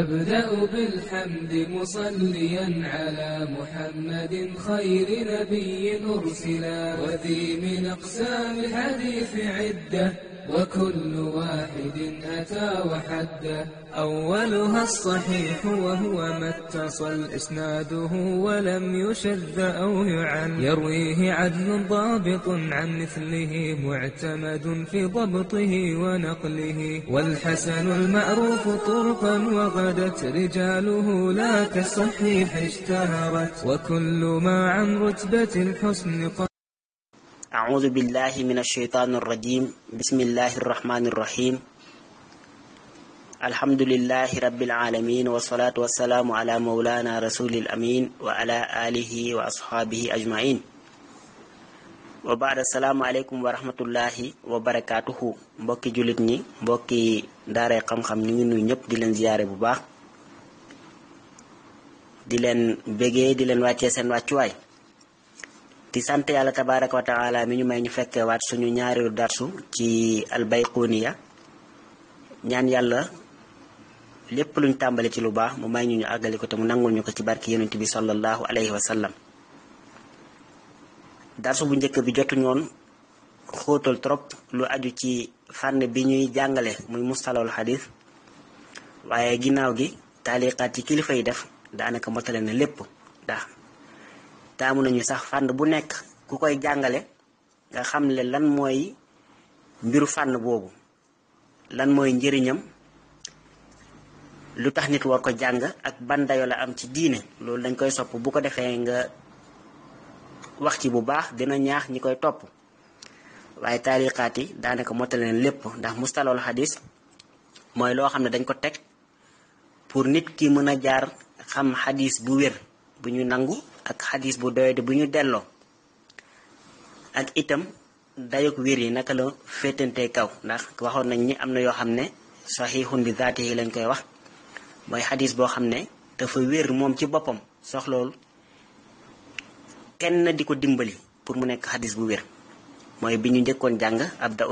أبدأ بالحمد مصليا على محمد خير نبي أرسلا وذي من أقسام الحديث عدة وكل واحد أتى وحده أولها الصحيح وهو ما اتصل إسناده ولم يشذ أو يعن يرويه عدل ضابط عن مثله معتمد في ضبطه ونقله والحسن المعروف طرقا وغدت رجاله لا كالصحيح اشتهرت وكل ما عن رتبة الحسن أعوذ بالله من الشيطان الرجيم بسم الله الرحمن الرحيم الحمد لله رب العالمين والصلاة والسلام على مولانا رسول الأمين وعلى آله وأصحابه أجمعين وبعد السلام عليكم ورحمة الله وبركاته بوكي جلدني بوكي داري قم خم نيو نيب دي لن زيارة بباخ دلن بجي دلن di leen wàccee di sante yàlla tabaraka wa taala mi ñu may ñu fekke waat suñu lu darsu ci albayquniya ñaan yalla lepp luñ tàmbali ci lu baax mu may ñu ñu àggali ko te mu nangul ñu ko ci barki bi sallallahu alayhi wa sallam darsu bu njëkk bi jotu ñoon trop lu aju ci fann bi ñuy jàngale muy mustalawul hadith waaye ginnaaw gi taliqati kilifa yi def daanaka motale na lepp ndax taamu nañu sax fànn bu nekk ku koy jàngale nga xam ne lan mooy mbiru fànn boobu lan mooy njëriñam lu tax nit war ko jàng ak ban dayo la am ci diine loolu dañ koy sopp bu ko defee nga wax ci bu baax dina ñaax ñi koy topp waaye taaliqaat yi daanaka mottale leen lépp ndax mu mustalool xadis mooy loo xam ne dañ ko teg pour nit ki mën a jaar xam xadis bu wér bu ñu nangu ak hadith bu doyde bu ñu delloo ak itam dayuk wir yi naka la féetante kaw ndax waxon nañ ni amna yo xamne sahihun bi zaatihi lañ koy wax moy hadith bo xamne ne dafa wér mom ci boppam soxlool kenn diko dimbali pour mu nek hadith bu wér moy biñu ñëkkon jang abda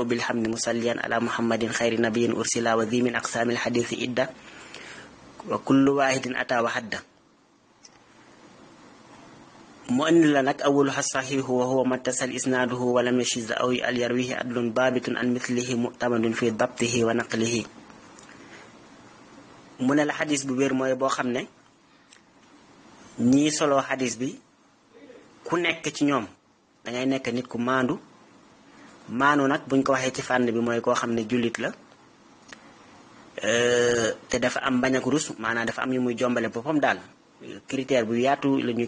musalliyan ala muhammadin khairin nabiyyin ursila wa dhimin aqsamil hadith idda wa kullu wahidin ata wa mu indi la nag awwaluha saxihu wa huwa mattasal isnaaduhu wa lam yashiz aw al yarwihi adlun baabitun an mithlihi mu'tamadun fi dabtihi wa naqlihi mu ne la xadis bu wér mooy boo xam ne ñii solo xadis bi ku nekk ci ñoom dangay nekk nit ku maandu maandu nag buñ ko waxee ci fànn bi mooy koo xam ne jullit la euh, te dafa am bañ ak rus maanaam dafa am yu muy jombale boppam daal critère bu yaatu la ñu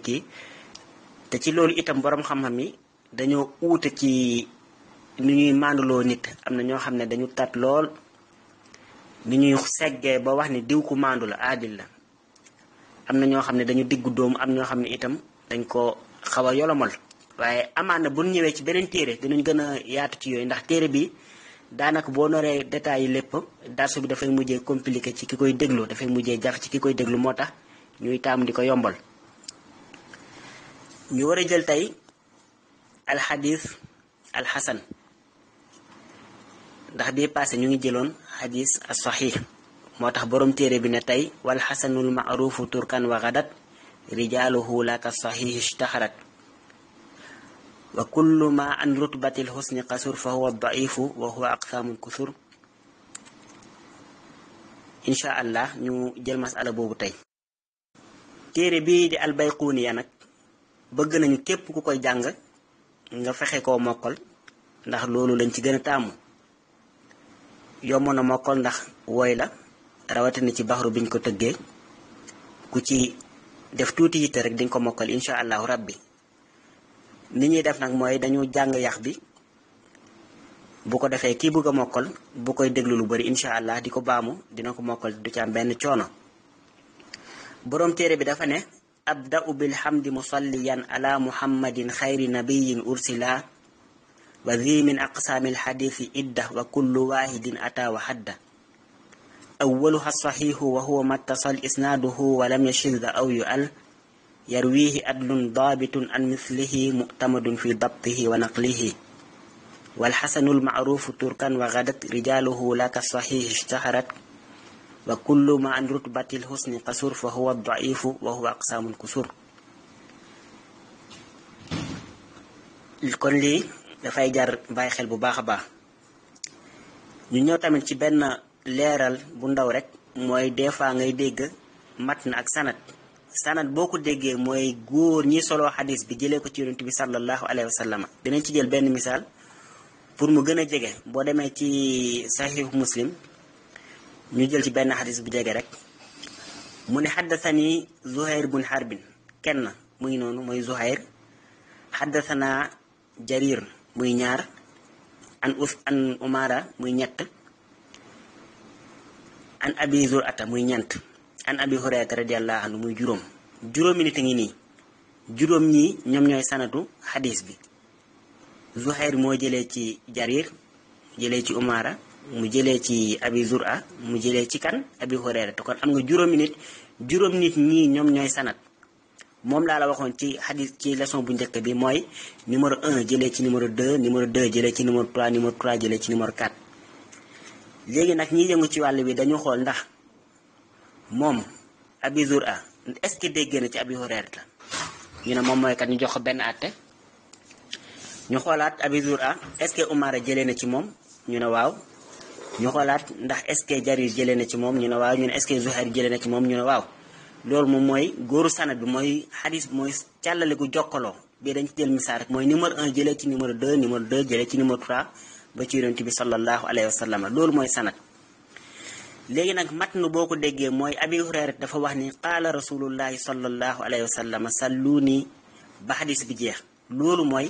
te ci loolu itam boroom xam-xam yi dañoo uute ci nu ñuy maanduloo nit am na ñoo xam ne dañu tat lool ni ñuy seggee ba wax ni diw ku maandu la aadil am na ñoo xam ne dañu diggu doomu am ñoo xam ne itam dañ ko xaw a yolomal waaye amaan na bu ñëwee ci beneen téere dinañ gën a yaatu ci yooyu ndax téere bi daanaka boo noree détails yi lépp darsu bi dafay mujjee compliqué ci ki koy déglu dafay mujjee jafe ci ki koy déglu moo tax ñuy taamu di ko yombal ñu war jël tey alxadis alxasan ndax bii passé ñu ngi jëloon xadis as saxiix moo tax boroom téere bi ne tey wal xasanul maarufu turkan wa gadat rijaaluhu laka saxiix ishtaharat wa kullu ma an rutbatil xusni qasur fa huwa daifu wa huwa aqsamul kusur incha allah ñu jël masala boobu tey téere bii di albayquniya nag bëgg nañu képp ku koy jàng nga fexe koo mokkal ndax loolu lañ ci gën a taamu yomb na mokkal ndax woy la rawatina ci bi biñ ko tëggee ku ci def tuuti yitte rek diñ ko mokkal incha allahu bi ni ñuy def nag mooy dañu jàng yax bi bu ko defee kii bëgg a mokkal bu koy déglu lu bari incha allah di ko baamu dina ko mokkal du ci am benn coono borom téere bi dafa ne أبدأ بالحمد مصليا على محمد خير نبي أرسل وذي من أقسام الحديث إدة وكل واحد أتى وحده أولها الصحيح وهو ما اتصل إسناده ولم يشذ أو يؤل يرويه أدل ضابط عن مثله مؤتمد في ضبطه ونقله والحسن المعروف تركا وغدت رجاله لا كالصحيح اشتهرت wa kullu ma an rutbatil husni qasur fa huwa daifu wa huwa aqsaamul kusur kon lii dafay jar bàyyi xel bu baax a baax ñu ñëw tamit ci benn leeral bu ndaw rek mooy des fois ngay dégg na ak sanat sanat boo ko déggee mooy góor ñi soloo xadis bi jëlee ko ci yonent bi sallallahu alayhi wa sallam dinañ ci jël benn misaal pour mu gën a jege boo demee ci saxihu muslim ñu jël ci benn xadis bu jege rek mu ne xaddasani zuhair bun harbin kenn mu ngi noonu muy zuhair xaddasana jarir muy ñaar an us an umara muy ñett an abi zur ata muy ñeent an muy juróom juróomi ni a ngi nii juróom ñi ñoom ñooy sanatu xadiis bi zuhair moo jëlee ci jarir jëlee ci umara mu jëlee ci abi jour zura mu jëlee ci kan abi horeera te kon am nga juróomi nit juróom nit ñii ñoom ñooy sanat moom laa la ci xadis ci leçon bu njëkk bi mooy numéro jëlee ci numéro 2 numéro 2 jëlee ci numéro 3 numéro 3 jëlee ci numéro 4 nag ñi yëngu ci wàll bi dañu xool ndax moom abi zura est-ce que déggee ci abi la ñu moom mooy kat ñu jox ko benn àtte ñu xoolaat abi zura est-ce que umara jëlee na ci moom ñu ne waaw ñu xoolaat ndax est ce que jarir jëlee na ci moom ñu ne waaw ñu ne est ce que zuhair jëlee na ci moom ñu ne waaw loolu moom mooy góoru sanad bi mooy xadis bi mooy càllale gu jokkaloo bii dañ ci jël misaal rek mooy numéro 1 jëlee ci numéro 2 numéro 2 jëlee ci numéro 3 ba ci yonent bi sallallahu alayhi wa loolu mooy sanad léegi nag mat matnu boo ko déggee mooy abi hurayra dafa wax ni qaala rasulullahi sallallahu alayhi wa sallam salluuni ba xadis bi jeex loolu mooy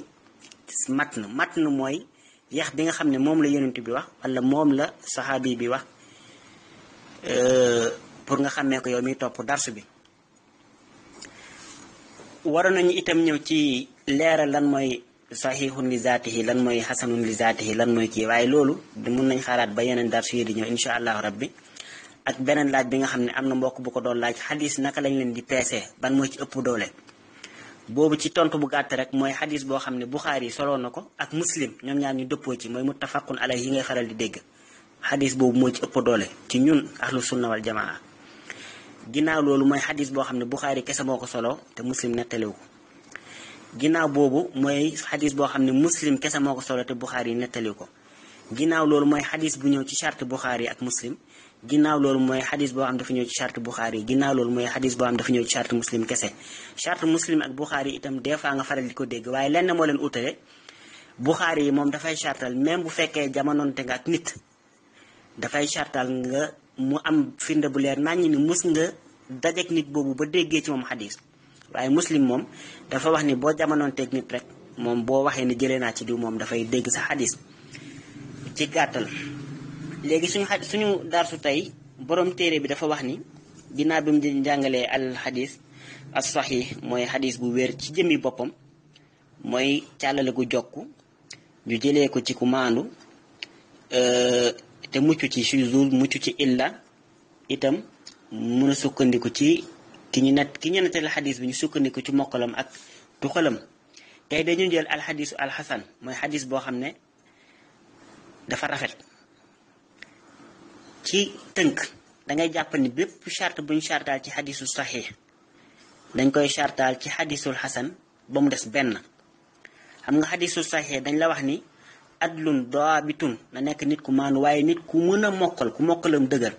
mat mat matnu mooy yax bi nga xam ne moom la ti bi wax wala moom la saxaabi bi wax euh, pour nga xàmmee ko yow mi topp darsu bi waroon nañu itam ñëw ci leeral lan mooy saxiixun li zaatihi lan mooy xasanun li zaatihi lan mooy kii waaye loolu mun nañ xaaraat ba yeneen darsu yi di ñëw incha allah rabbi ak beneen laaj bi nga xam ne am na mbokk bu ko doon laaj xadis naka lañ leen di peese ban mooy ci ëpp doole boobu ci tontu bu gàtt rek mooy xadis boo xam ne Buxaari soloon na ko ak muslim ñoom ñaar ñu dëppoo ci mooy muttafaqun alay yi ngay xaral di dégg xadis boobu mooy ci ëpp doole ci ñun ahlu sunna wal jamaa ginnaaw loolu mooy xadis boo xam ne Buxaari kese moo ko solo te muslim nettaliwu ko ginnaaw boobu mooy xadis boo xam ne muslim kese moo ko solo te Buxaari nettaliwu ko ginnaaw loolu mooy xadis bu ñëw ci charte Buxaari ak muslim ginnaaw loolu mooy xadis boo xam dafa ñëw ci charte Buxaari ginnaaw loolu mooy xadis boo xam dafa ñëw ci charte muslim kese charte muslim ak Buxaari itam des fois nga faral di ko dégg waaye lenn moo leen utale Buxaari yi moom dafay chartal même bu fekkee jamononte nga ak nit dafay chartal nga mu am firnde bu leer naññ ni mus nga dajeek nit boobu ba déggee ci moom xadis waaye muslim moom dafa wax ni boo jamononteeg nit rek moom boo waxee ni jëlee naa ci diw moom dafay dégg sa xadis ci gàttal léegi suñu a suñu darsu tey borom téere bi dafa wax ni ginnaaw bi mu di jàngalee al xadis as mooy xadis bu wér ci jëmmi boppam mooy càllale gu jokk ñu jëlee ko ci ku maandu euh, te mucc ci shuzuz mucc ci illa itam mun a sukkandiku ci ki ñu nat ki ñu xadis bi ñu sukkandiku ci mokkalam ak tuxalam tey dañu jël alxadisu alxasan mooy xadis boo xam ne dafa rafet ci tënk dangay jàpp ni bépp charte buñ chartaal ci xadisu saxiix dañ koy chartaal ci xadisul xasan ba mu des benn xam nga xadisu saxiix dañ la wax ni adlun daabitun na nekk nit ku maanu waaye nit ku mën a mokkal ku mokkalam dëgër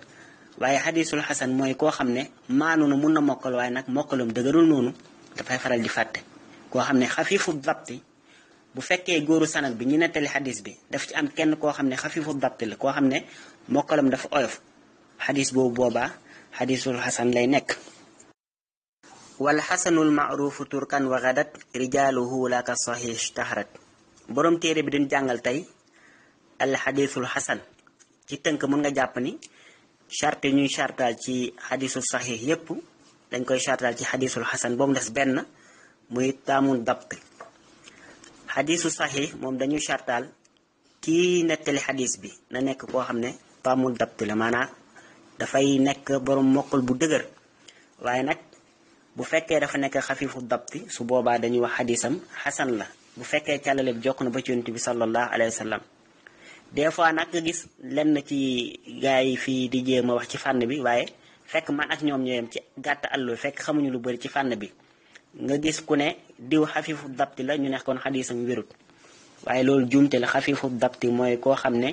waaye xadisul xasan mooy koo xam ne maanu na mun na mokkal waaye nag mokkalam dëgërul noonu dafay faral di fàtte koo xam ne xafiifu dabti bu fekkee góoru sanad bi ñu nettali xadis bi daf ci am kenn koo xam ne xafifu dabt la koo xam ne mokkalam dafa oyof xadis boobu boobaa xadisul xasan lay nekk wala xasanul maarufu turkan wa gadat rijaaluhu laaka sahih boroom téere bi duñ jàngal tey al xadisul xasan ci tënk mun nga jàpp ni charte ñuy chartal ci xadisul saxiix yépp dañ koy chartal ci xadisul xasan boobu des benn muy taamul dabt xadisu saxiix moom dañuy chartaal kii nettali xadis bi na nekk koo xam ne paamul dabt la maanaam dafay nekk borom mokkal bu dëgër waaye nag bu fekkee dafa nekk xafiifu dabti su boobaa dañuy wax xadisam xasan la bu fekkee càllale bi jokk na ba ci yonent bi sallallahu alayhi wa sallam des fois nag nga gis lenn ci gars yi fii di jéem a wax ci fànn bi waaye fekk man ak ñoom ñooyam ci gàtt àll fekk xamuñu lu bari ci fànn bi nga gis ku ne diw xafifu dabti la ñu ne kon xadisam wérut waaye loolu juumte la xafifu dabti mooy koo xam ne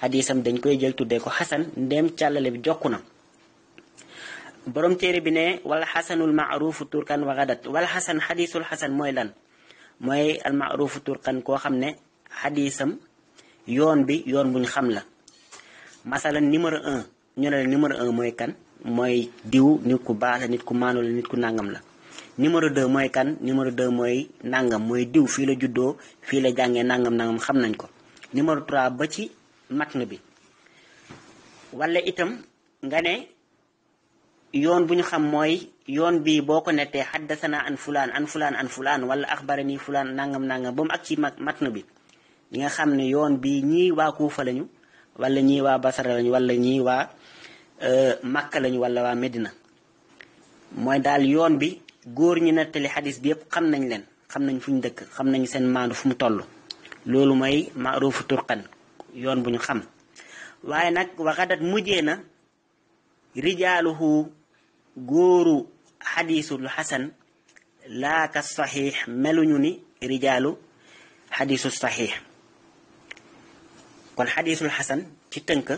xadisam dañ koy jël tuddee ko xasan ndéem càllale bi jokk na borom téere bi ne wala xasanul maarufu turkan waxadat wala xasan xadisul xasan mooy lan mooy al maarufu turkan koo xam ne xadisam yoon bi yoon buñ xam la masalan numéro un ñu ne la numéro un mooy kan mooy diw nit ku baax la nit ku maanu la nit ku nàngam la numéro de mooy kan numéro de mooy nangam mooy diw fii la juddoo fii la jàngee nangam nangam xam nañ ko numéro 3 ba ci matn bi walla itam nga ne yoon bu ñu xam mooy yoon bii boo ko nettee xaddasana an fulaan an fulaan an fulaan wala axbarani fulaan nangam nangam ba mu ak ci matn bi ñi nga xam ne yoon bii ñii waa Kuufa lañu wala ñii waa Basara lañu wala ñii waa euh, Makka lañu wala waa Medina mooy daal yoon bi goor ñi netali hadith bi yépp xam nañ len xam nañ fuñ dëkk xam nañ seen maandu fu mu tollu lolu may maarufu turqan yoon buñu xam waaye nag waxadat mujeena na goru hadithul hasan la ka sahih meluñu ni rijaalu hadithus Sahih. kon hadithul Hasan ci teunk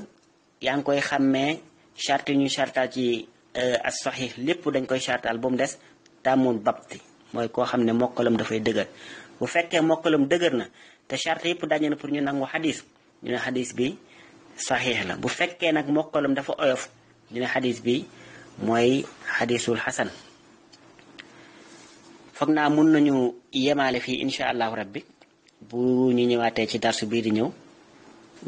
yang koy xamé charte ñu chartal ci euh, as Sahih lepp dañ koy chartal bu mu des tamun babti moy ko xamne ne da fay deugar bu fekke mokkalam deugar na te charte yep dañ na pour ñu nangu hadith ñu na hadith bi sahih la bu fekkee nak mokkalam dafa oyof ñu na hadith bi moy hadithul Hasan. Fakna naa mun nañu yemalé fi insha allahu rabbi bu ñu ñëwaatee ci darsu bi di ñëw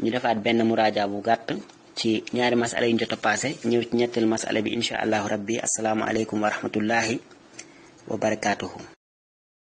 ñu defaat benn muraja bu gatt ci ñaari masalé yu ñu passé ñëw ci ñettal masalé bi insha Allah rabbi assalamu alaykum wa rahmatullahi wa barakaatuhu